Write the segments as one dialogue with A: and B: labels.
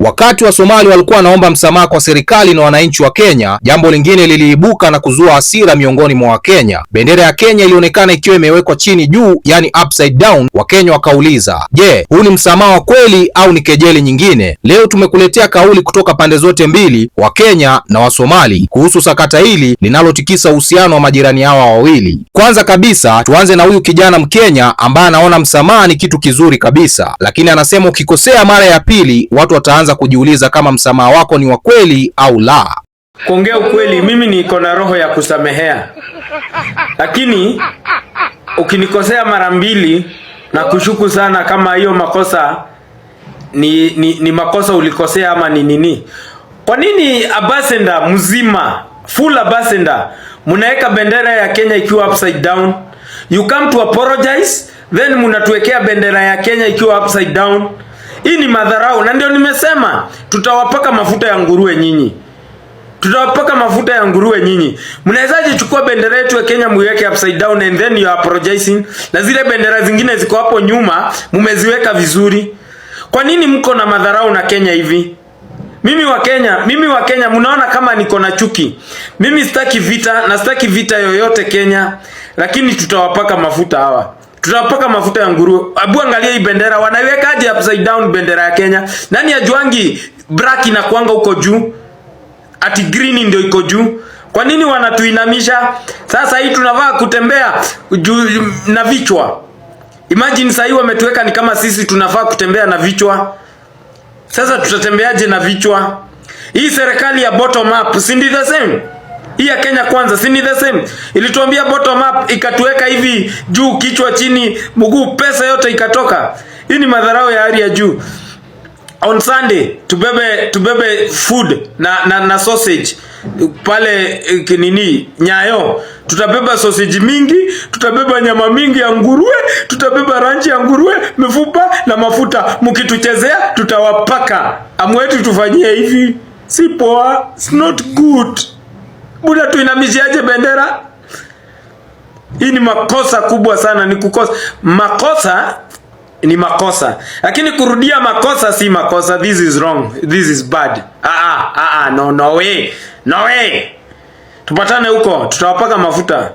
A: Wakati wa Somali walikuwa wanaomba msamaha kwa serikali na wananchi wa Kenya, jambo lingine liliibuka na kuzua hasira miongoni mwa Wakenya. Bendera ya Kenya ilionekana ikiwa imewekwa chini juu, yani upside down. Wakenya wakauliza, je, huu ni msamaha wa kweli au ni kejeli nyingine? Leo tumekuletea kauli kutoka pande zote mbili, Wakenya na Wasomali, kuhusu sakata hili linalotikisa uhusiano wa majirani hawa wawili. Kwanza kabisa, tuanze na huyu kijana Mkenya ambaye anaona msamaha ni kitu kizuri kabisa, lakini anasema ukikosea mara ya pili watu wataanza unaweza kujiuliza kama msamaha wako ni wa kweli au la.
B: Kuongea ukweli, mimi niko na roho ya kusamehea, lakini ukinikosea mara mbili na kushuku sana kama hiyo makosa ni, ni, ni makosa ulikosea ama ni nini? Kwa nini Abasenda mzima full Abasenda mnaweka bendera ya Kenya ikiwa upside down? You come to apologize then mnatuwekea bendera ya Kenya ikiwa upside down. Hii ni madharau, na ndio nimesema tutawapaka mafuta ya nguruwe nyinyi, tutawapaka mafuta ya nguruwe nyinyi. Mnawezaje chukua bendera yetu ya Kenya muiweke upside down and then you are apologizing, na zile bendera zingine ziko hapo nyuma mumeziweka vizuri? Kwa nini mko na madharau na Kenya hivi? Mimi wa Kenya, mimi wa Kenya mnaona kama niko na chuki. Mimi sitaki vita na sitaki vita yoyote Kenya, lakini tutawapaka mafuta hawa tutapaka mafuta ya nguruwe. Abu angalia hii bendera wanaiwekaje upside down bendera ya Kenya? Nani ajuangi black inakuanga huko juu? Ati green ndio iko juu. Kwa nini wanatuinamisha? Sasa hii tunavaa kutembea juu na vichwa. Imagine sasa hii wametuweka ni kama sisi tunavaa kutembea na vichwa. Sasa tutatembeaje na vichwa? Hii serikali ya bottom up, si the same? Hii ya Kenya kwanza si ni the same? Ilituambia bottom up, ikatuweka hivi juu, kichwa chini, mguu, pesa yote ikatoka. Hii ni madharau ya hali ya juu. On Sunday tubebe tubebe food na na, na sausage pale eh, kinini Nyayo, tutabeba sausage mingi, tutabeba nyama mingi ya nguruwe, tutabeba ranchi ya nguruwe, mifupa na mafuta. Mkituchezea tutawapaka amwetu, tufanyie hivi, si poa, it's not good. Buda tuinamiziaje bendera? Hii ni makosa kubwa sana, ni kukosa makosa ni makosa, lakini kurudia makosa si makosa. This is wrong, this is bad. Ah, ah, ah, ah no, no way, no way. Tupatane huko, tutawapaka mafuta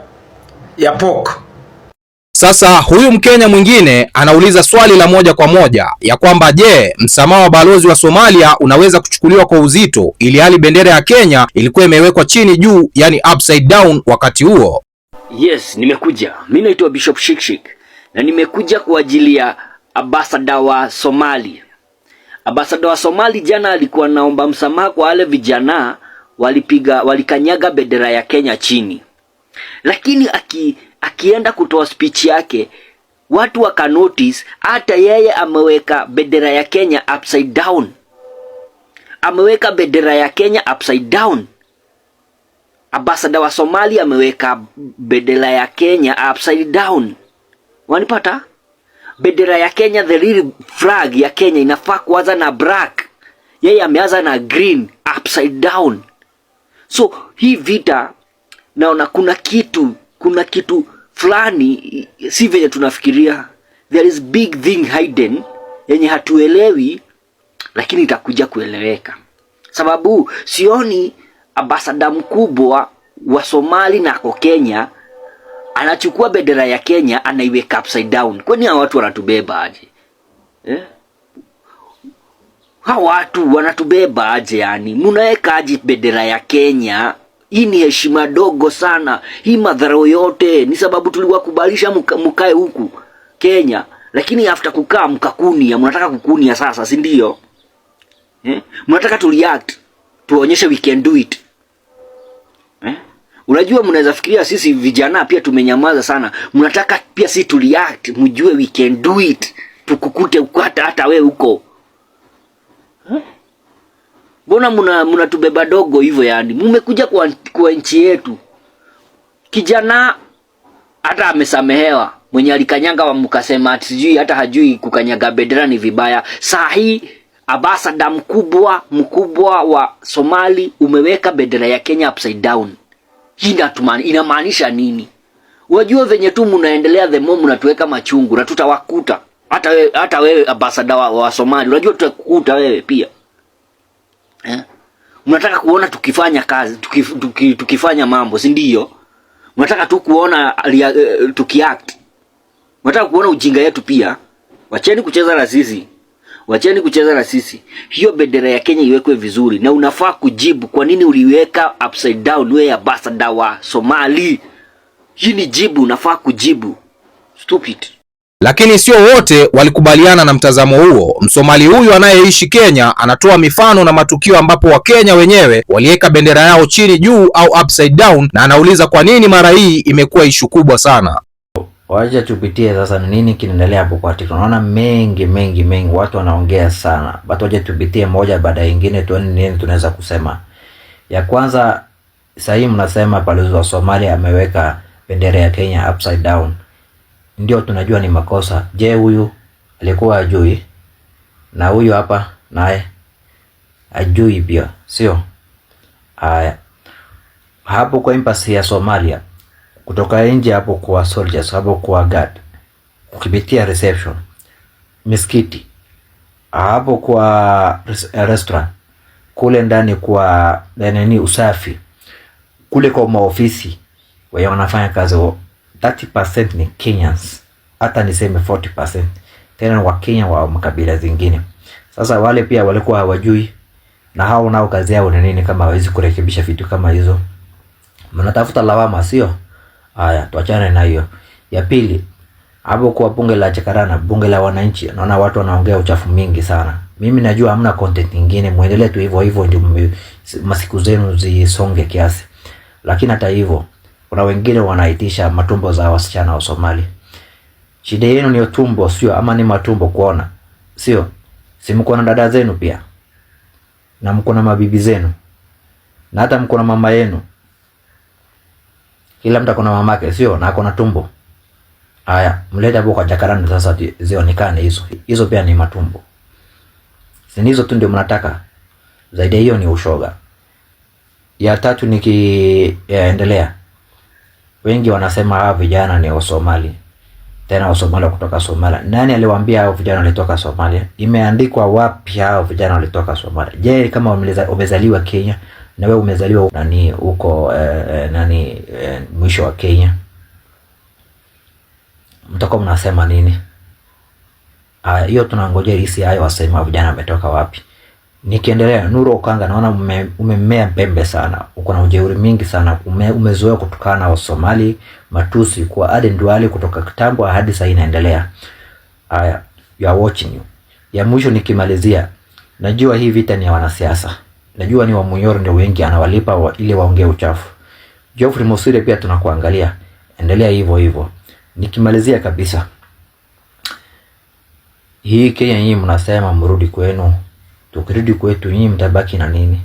B: ya pork.
A: Sasa huyu Mkenya mwingine anauliza swali la moja kwa moja ya kwamba je, msamaha wa balozi wa Somalia unaweza kuchukuliwa kwa uzito ili hali bendera ya Kenya ilikuwa imewekwa chini juu, yani upside down wakati huo?
C: Yes, nimekuja. Mimi naitwa Bishop Shikshik na nimekuja kwa ajili ya ambasada wa Somali. Ambasada wa Somali jana alikuwa naomba msamaha kwa wale vijana walipiga walikanyaga bendera ya Kenya chini, lakini aki akienda kutoa speech yake watu waka notice hata yeye ameweka bendera ya Kenya upside down, ameweka bendera ya Kenya upside down. Ambasada wa Somalia ameweka bendera ya Kenya upside down. Wanipata? Bendera ya Kenya, the real flag ya Kenya inafaa kuanza na black, yeye ameanza na green upside down. So hii vita naona kuna kitu, kuna kitu fulani si venye tunafikiria. There is big thing hidden yenye hatuelewi, lakini itakuja kueleweka, sababu sioni ambasada mkubwa wa Somali na Kenya anachukua bendera ya Kenya anaiweka upside down. Kwani hao watu wanatubeba aje eh? Hao watu wanatubeba aje? Yani munaweka aje bendera ya Kenya hii ni heshima dogo sana. Hii madharau yote ni sababu tuliwakubalisha mkae huku Kenya, lakini after kukaa mkakunia, mnataka kukunia sasa, si ndio? Eh? Mnataka tu react, tuonyeshe we can do it. Eh? Unajua, mnaweza fikiria sisi vijana pia tumenyamaza sana. Mnataka pia sisi tu react, mjue we can do it. Tukukute hata hata wewe huko. Eh? Mbona mnatubeba muna dogo hivyo yani? Mumekuja kwa, kwa nchi yetu. Kijana hata amesamehewa mwenye alikanyanga wa mkasema atijui hata hajui kukanyaga bendera ni vibaya. Saa hii abasada mkubwa mkubwa wa Somali umeweka bendera ya Kenya upside down. Inamaanisha nini? Wajua venye tu mnaendelea the more mnatuweka machungu na tutawakuta. Hata wewe hata wewe abasada wa, wa Somali unajua tutakukuta wewe pia eh? Mnataka kuona tukifanya kazi tuki, tuki, tukifanya mambo si ndio? Mnataka tu kuona uh, eh, tukiact. Mnataka kuona ujinga yetu pia. Wacheni kucheza na sisi, wacheni kucheza na sisi. Hiyo bendera ya Kenya iwekwe vizuri, na unafaa kujibu kwa nini uliweka upside down, wewe ambassador wa Somali. Hii ni jibu, unafaa kujibu. Stupid.
A: Lakini sio wote walikubaliana na mtazamo huo. Msomali huyu anayeishi Kenya anatoa mifano na matukio ambapo Wakenya wenyewe waliweka bendera yao chini juu au upside down, na anauliza kwa nini mara hii imekuwa ishu kubwa sana.
D: Wacha tupitie sasa ni nini kinaendelea hapo kwa TikTok. Naona mengi mengi mengi watu wanaongea sana. Bado waje tupitie moja baada ya nyingine tuone nini tunaweza kusema. Ya kwanza sasa hii mnasema balozi wa Somalia ameweka bendera ya Kenya upside down ndio tunajua ni makosa. Je, huyu alikuwa ajui? Na huyu hapa naye ajui pia, sio? Haya, hapo kwa embassy ya Somalia, kutoka nje hapo kwa soldiers, hapo kwa guard, ukipitia reception, misikiti hapo kwa restaurant, kule ndani kwa nini, usafi kule kwa maofisi wao wanafanya kazi 30% ni Kenyans, hata niseme 40%, tena wa Kenya wa makabila zingine. Sasa wale pia walikuwa hawajui, na hao nao kazi yao ni nini kama hawezi kurekebisha vitu kama hizo? Mnatafuta lawama, sio? Haya, tuachane na hiyo. Ya pili, hapo kwa bunge la Chakarana, bunge la wananchi, naona watu wanaongea uchafu mingi sana. Mimi najua hamna content nyingine, muendelee tu hivyo hivyo, ndio masiku zenu zisonge kiasi, lakini hata hivyo kuna wengine wanaitisha matumbo za wasichana wa Somali. Shida yenu ni tumbo, sio? Ama ni matumbo kuona, sio? Si mko na dada zenu pia na mko na mabibi zenu na hata mko na mama yenu. Kila mtu akona mamake, sio? Na akona tumbo. Haya, mlete hapo kwa jakarani sasa zionekane hizo. Hizo pia ni matumbo. Si hizo tu ndio mnataka. Zaidi hiyo ni ushoga. Ya tatu nikiendelea Wengi wanasema hawa vijana ni Wasomali, tena Wasomali kutoka Somalia. Nani aliwaambia hao vijana walitoka Somalia? Imeandikwa wapi hao vijana walitoka Somalia? Je, kama umezaliwa Kenya na wewe umezaliwa nani huko eh, eh, nani eh, mwisho wa Kenya, mtakuwa mnasema nini? Ah, hiyo tunangojea risi hayo wasema vijana wametoka wapi. Nikiendelea Nuru Okanga, naona umemmea pembe sana, uko na ujeuri mingi sana, umezoea kutokana na Wasomali, matusi kwa Aden nduali kutoka kitambo hadi sasa inaendelea. Haya, you are watching you. Ya mwisho nikimalizia, najua hii vita ni ya wanasiasa, najua ni wa Munyoro ndio wengi anawalipa wa ili waongee uchafu. Geoffrey Mosire pia tunakuangalia, endelea hivyo hivyo. Nikimalizia kabisa, hii Kenya hii mnasema mrudi kwenu tukirudi kwetu nyinyi mtabaki na nini?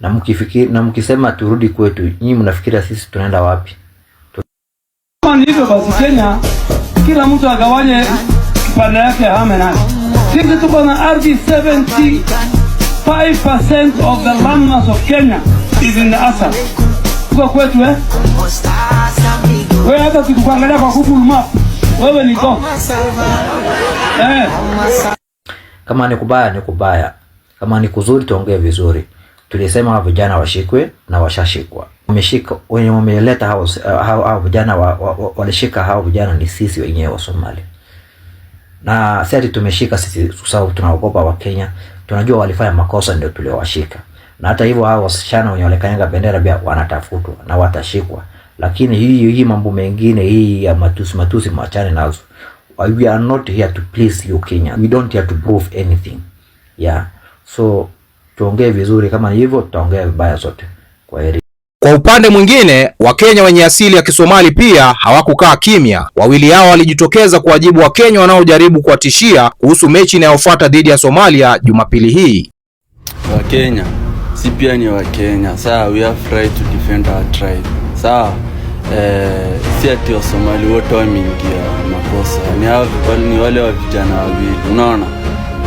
D: Na mkifikiri na mkisema turudi kwetu nyinyi mnafikiria sisi tunaenda wapi?
B: Kama ni hivyo basi, Kenya kila mtu agawanye kipande yake ahame nani. Sisi tuko na ardhi 75% of the landmass of Kenya is in the Assa. Tuko kwetu eh? Wewe hata ukituangalia kwa Google Map, wewe ni kwa.
D: Eh. Kama ni kubaya ni kubaya. Kama ni kuzuri, tuongee vizuri. Tulisema vijana washikwe na washashikwa. Wameshika wenye wameleta hao hao vijana wa, wa, wa, walishika hao vijana ni sisi wenyewe wa Somali. Na sasa tumeshika sisi sababu tunaogopa wa Kenya. Tunajua walifanya makosa ndio tuliowashika. Na hata hivyo hao wasichana wenye walekanyanga bendera pia wanatafutwa na watashikwa. Lakini hii hii mambo mengine hii ya matusi matusi machane nazo. We are not here to please you Kenya. We don't here to prove anything. Yeah. So tuongee vizuri, kama hivyo tutaongea vibaya zote. Kwa
A: heri. Kwa upande mwingine, Wakenya wenye asili ya Kisomali pia hawakukaa kimya. Wawili hao walijitokeza kuwajibu Wakenya wanaojaribu kuwatishia kuhusu mechi inayofuata dhidi ya Somalia Jumapili hii.
E: Wakenya si pia ni Wakenya, sawa? We are free to defend our tribe, sawa? Eh, si ati Wasomali wote wameingia makosa, ni wale wa vijana wawili, unaona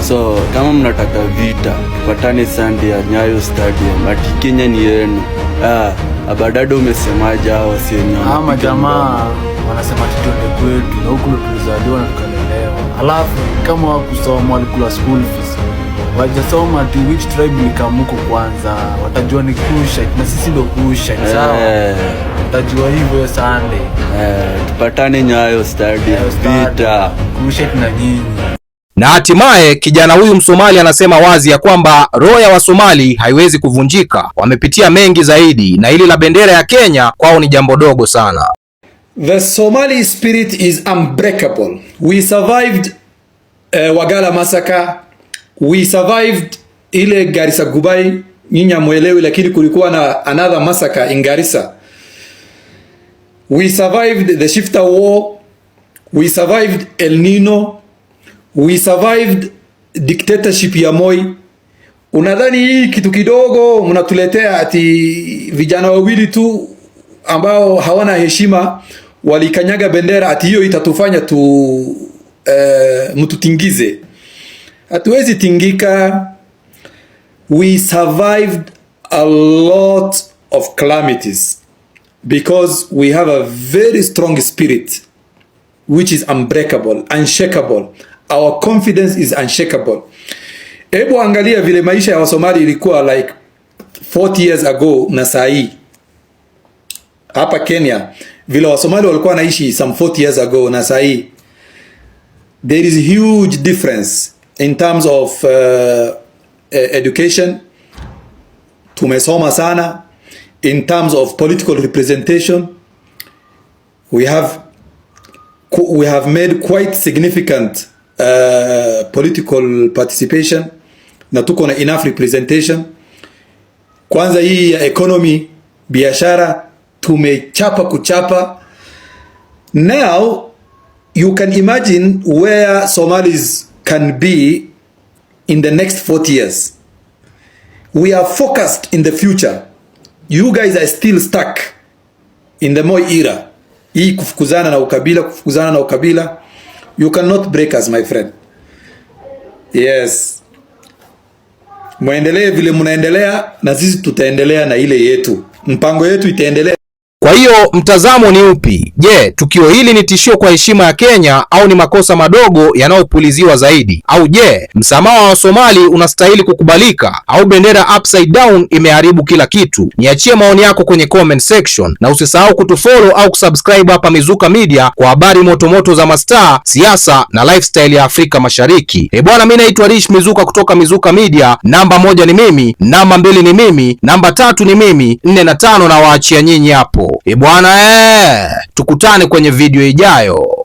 E: So kama mnataka vita, patane sandi ya Nyayo Stadium. Ati Kenya ni yenu. Ah, abadado umesemaje hao sio nyama?
F: Ama ah, jamaa wanasema tutoke kwetu na huko tulizaliwa na tukalelewa. Alafu kama wakusoma walikula school fees. Wajasoma ati which tribe ni kamuko kwanza. Watajua ni kusha na sisi ndo kusha, eh. Sawa. Eh. Watajua hivyo Sunday. Eh, tupatane Nyayo Stadium. Vita. Kusha na nyinyi.
A: Na hatimaye kijana huyu Msomali anasema wazi ya kwamba roho ya Wasomali haiwezi kuvunjika, wamepitia mengi zaidi, na hili la bendera ya Kenya kwao ni jambo dogo sana.
B: The Somali spirit is unbreakable. We survived uh, Wagala massacre. We survived ile Garissa Gubai, nyinyi hamwelewi, lakini kulikuwa na another massacre in Garissa. We survived the Shifta war. We survived El Nino we survived dictatorship ya Moi. Unadhani hii kitu kidogo mnatuletea ati vijana wawili tu ambao hawana heshima walikanyaga bendera ati hiyo itatufanya tu uh, mtutingize? Hatuwezi tingika. We survived a lot of calamities because we have a very strong spirit which is unbreakable, unshakable Our confidence is unshakable. Hebu angalia vile maisha ya Wasomali ilikuwa like 40 years ago na saa hii hapa Kenya, vile Wasomali walikuwa wanaishi some 40 years ago na saa hii, there is a huge difference in terms of uh, e-, education. Tumesoma sana. In terms of political representation, we have we have made quite significant uh, political participation na tuko na enough representation. Kwanza hii ya economy biashara tumechapa kuchapa. Now you can imagine where Somalis can be in the next 40 years. We are focused in the future. You guys are still stuck in the Moi era. Hii kufukuzana na ukabila, kufukuzana na ukabila You cannot break us my friend. Yes, mwendelee vile mnaendelea, na sisi tutaendelea na ile yetu, mpango yetu itaendelea.
A: Kwa hiyo mtazamo ni upi? Je, tukio hili ni tishio kwa heshima ya Kenya au ni makosa madogo yanayopuliziwa zaidi? Au je, msamaha wa Somali unastahili kukubalika au bendera upside down imeharibu kila kitu? Niachie maoni yako kwenye comment section na usisahau kutufollow au kusubscribe hapa Mizuka Media kwa habari motomoto za mastaa, siasa na lifestyle ya Afrika Mashariki. Eh, bwana mimi naitwa Rich Mizuka kutoka Mizuka Media. Namba moja ni mimi, namba mbili ni mimi, namba tatu ni mimi, nne na tano na waachia nyinyi hapo. E bwana, eh, tukutane kwenye video ijayo.